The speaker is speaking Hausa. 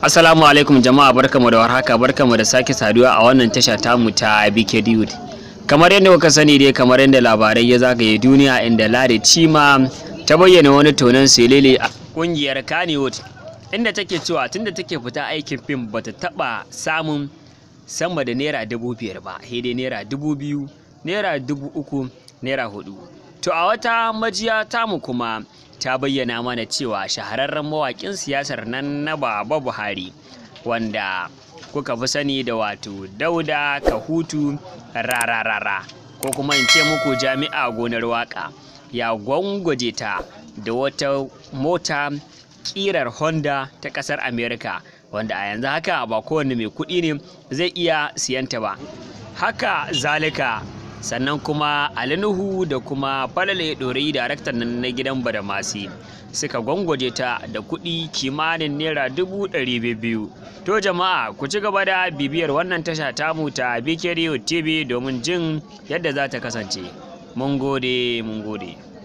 Assalamu alaikum jama'a barkamu da warhaka barkamu da sake saduwa a wannan tasha mu ta BK Dude. Kamar yadda kuka sani dai kamar yadda labarai ya zagaye duniya inda Ladi Chima ta bayyana wani tonon selele a kungiyar Kanewood inda take cewa tunda take fita aikin fim bata taba samun sama da naira dubu biyar ba, sai dai naira dubu biyu, naira dubu uku, naira hudu. To a wata majiya tamu kuma ta bayyana mana cewa shahararren mawaƙin siyasar nan na baba buhari wanda kuka fi sani da wato dauda kahutu rararara ko kuma in ce muku jami'a gonar waka ya gwangwaje ta da wata mota kirar honda ta kasar america wanda a yanzu haka ba kowane mai kuɗi ne zai iya siyanta ba haka zalika sannan kuma alinuhu da kuma falale ɗorayi daraktan nan na gidan badamasi suka gwangwaje ta da kuɗi kimanin naira dubu ɗari biyu to jama'a ku ci gaba da bibiyar wannan tasha tamu ta bkro tv domin jin yadda za ta kasance mun gode mun gode